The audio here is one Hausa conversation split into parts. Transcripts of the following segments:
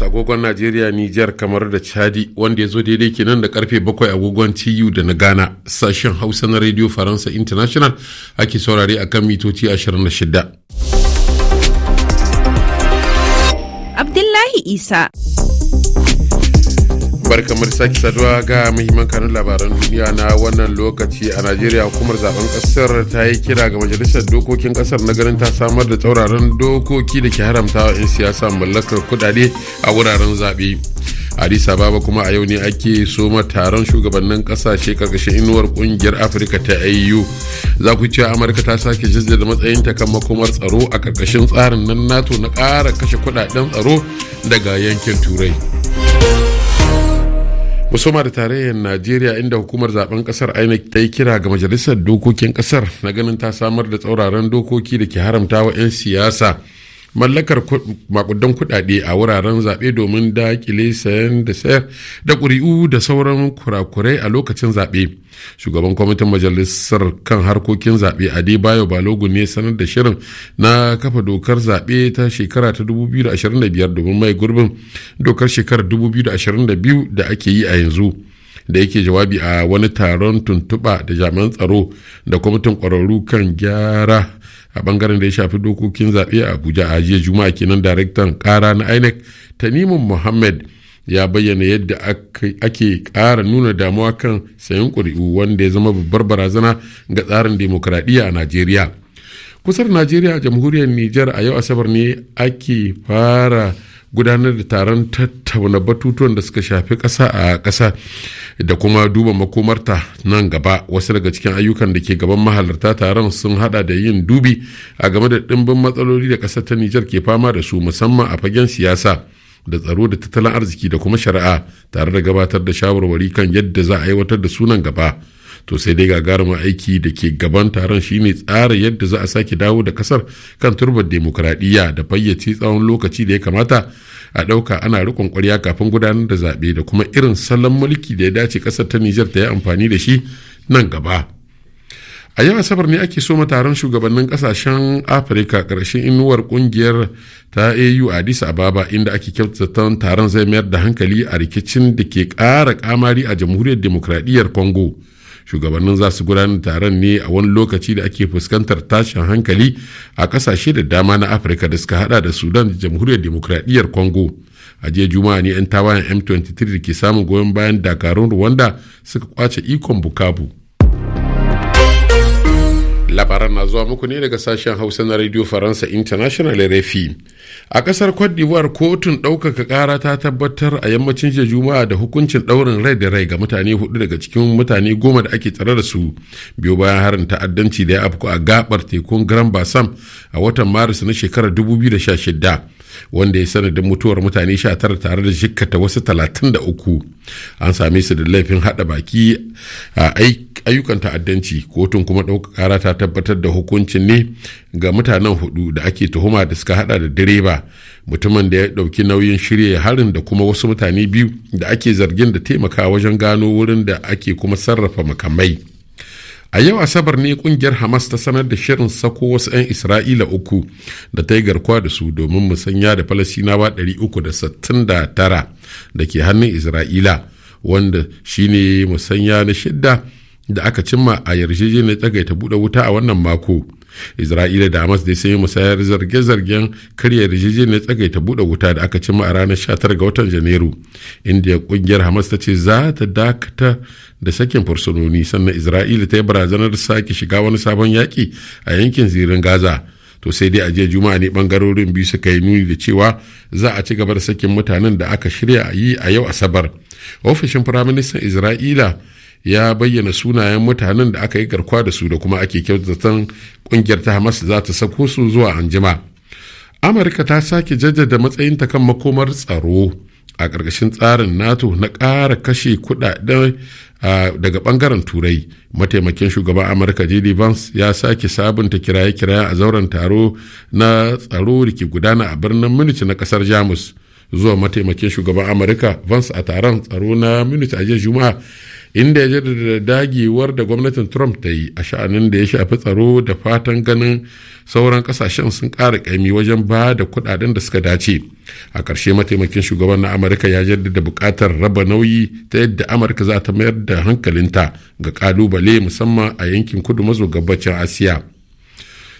su agogon Najeriya, Nijar, kamar da Chadi wanda ya zo daidai kenan da karfe 7 agogon TU da na Ghana sashen Hausa na Radio Faransa International ake saurare a kan mitoci 26. Abdullahi Isa kamar sake saduwa ga muhimman kanun labaran duniya na wannan lokaci a najeriya hukumar zaben kasar ta yi kira ga majalisar dokokin kasar na ganin ta samar da tsauraran dokoki da ke haramta wa 'yan siyasa mallakar kudade a wuraren zaɓe addis ababa kuma a yau ne ake soma taron shugabannin kasashe karkashin inuwar kungiyar afirka ta au e za ku cewa amurka ta sake jaddada matsayinta kan makomar tsaro a karkashin tsarin nan nato na ƙara kashe kudaden tsaro daga yankin turai musoma da tarayyar najeriya inda hukumar zaben kasar inec ta yi kira ga majalisar dokokin kasar na ganin ta samar da tsauraran dokoki da ke haramta wa 'yan siyasa mallakar makudan kuɗaɗe a wuraren zaɓe domin dakile sayan da sayar da ƙuri'u da sauran kurakurai a lokacin zaɓe shugaban kwamitin majalisar kan harkokin zaɓe bayo balogu ne sanar da shirin na kafa dokar zaɓe ta shekara ta 2025 domin mai gurbin dokar shekarar 2022 da ake yi a yanzu da yake jawabi a wani taron tuntuɓa da jami'an tsaro da kwamitin ƙwararru kan gyara a bangaren da ya shafi dokokin zaɓe a abuja a jiya juma'a kenan daraktan ƙara na inec tanimun muhammad ya bayyana yadda ake ƙara nuna damuwa kan sayan ƙuri'u wanda ya zama babbar barazana ga tsarin demokuraɗiyya a najeriya kusar najeriya jamhuriyar niger a yau asabar ne ake fara gudanar da taron tattauna batutuwan da suka shafi ƙasa a ƙasa da kuma duba makomarta nan gaba wasu daga cikin ayyukan da ke gaban mahalarta taron sun hada da yin dubi a game da ɗimbin matsaloli da ƙasar ta nijar ke fama da su musamman a fagen siyasa da tsaro da tattalin arziki da kuma shari'a tare da gabatar da shawarwari kan yadda za a aiwatar da sunan gaba to sai dai gagarumin aiki da ke gaban taron shine tsara yadda za a sake dawo da kasar kan turbar demokuraɗiyya da fayyace tsawon lokaci da ya kamata a ɗauka ana rikon ƙwarya kafin gudanar da zaɓe da kuma irin salon mulki da ya dace ƙasar ta nijar ta yi amfani da shi nan gaba a yau asabar ne ake soma taron shugabannin kasashen afirka ƙarshen inuwar ƙungiyar ta au a addis ababa inda ake kyautata taron zai mayar da hankali a rikicin da ke ƙara kamari a jamhuriyar demokradiyyar congo shugabannin za su gudanar taron ne a wani lokaci da ake fuskantar tashin hankali a kasashe da dama na afirka da suka hada da sudan da jamhuriyar demokradiyyar congo a jiya juma'a ne 'yan tawayan m23 da ke samun goyon bayan dakarun rwanda suka kwace ikon bukabu labaran na zuwa muku ne daga sashen hausa na radio faransa international rfi a kasar cote d'ivoire kotun ɗaukaka ƙara ta tabbatar a yammacin juma'a da hukuncin ɗaurin rai da rai ga mutane hudu daga cikin mutane goma da ake tsare da su biyo bayan harin ta'addanci da ya afku a gabar tekun grand bassam a watan maris na shekarar 2016 wanda ya sanadin mutuwar mutane 19 tare da jikkata wasu 33 an same su da laifin hada baki a ayyukan ta'addanci kotun kuma ɗauka ta tabbatar da hukuncin ne ga mutanen hudu da ake tuhuma da suka hada da direba mutumin da ya ɗauki nauyin shirya harin da kuma wasu mutane biyu da ake zargin da taimaka wajen gano wurin da ake kuma sarrafa makamai a yau asabar ne kungiyar hamas ta sanar da shirin sako wasu 'yan isra'ila uku da ta yi garkuwa da su domin musanya da falasinawa 369 da ke hannun isra'ila wanda shine musanya na shidda da aka cimma a yarjejeniyar tsagaita buɗe wuta a wannan mako isra'ila da hamas dai sun yi musayar zarge-zargen karya yarjejeniyar tsagaita buɗe wuta da aka cimma a ranar 19 ga watan janairu inda kungiyar hamas ta ce za ta dakata da sakin fursunoni sannan isra'ila ta yi barazanar sake shiga wani sabon yaƙi a yankin zirin gaza to sai dai a jiya juma'a ne bangarorin biyu suka yi nuni da cewa za a ci gaba da sakin mutanen da aka shirya a yi a yau asabar ofishin firaministan isra'ila ya bayyana sunayen mutanen da aka yi garkuwa da su da kuma ake kyautatan kungiyar ta hamas za ta sako su zuwa anjima amurka ta sake jaddada matsayinta kan makomar tsaro a ƙarƙashin tsarin nato na ƙara kashe kuɗaɗen daga ɓangaren turai mataimakin shugaban amurka jd vance ya sake sabunta kiraye-kiraye a zauren taro na tsaro da ke gudana a birnin munich na ƙasar jamus zuwa mataimakin shugaban amurka vance a taron tsaro na munich a jiya juma'a inda ya da dagewar da gwamnatin trump ta yi a sha'anin da ya shafi tsaro da fatan ganin sauran kasashen sun ƙara ƙaimi wajen ba da kuɗaɗen da suka dace a ƙarshe mataimakin shugaban na amurka ya jaddada buƙatar raba nauyi ta yadda amurka za ta mayar da hankalinta ga ƙalubale musamman a yankin kudu maso gabacin asiya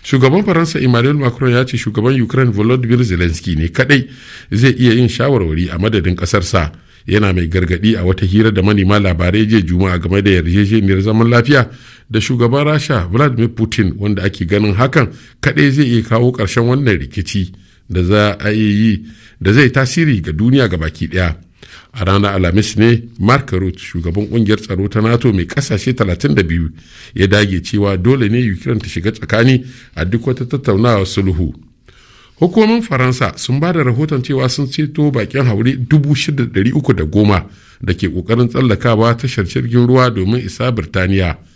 shugaban faransa emmanuel macron ya ce shugaban ukraine volodymyr zelensky ne kadai zai iya yin shawarwari a madadin ƙasarsa yana mai gargadi a wata hira da manema labarai jiya juma'a game da yarjejeniyar zaman lafiya da shugaban rasha vladimir putin wanda ake ganin hakan kaɗai zai iya kawo ƙarshen wannan rikici da za a yi da zai tasiri ga duniya ga baki ɗaya a ranar alhamis ne mark rutte shugaban kungiyar tsaro ta nato mai kasashe 32 ya dage cewa dole ne ukraine ta shiga tsakani a duk wata tattaunawa sulhu hukumomin faransa sun ba da rahoton cewa sun ceto bakin haure 6,310 da ke kokarin tsallakawa tashar jirgin ruwa domin isa birtaniya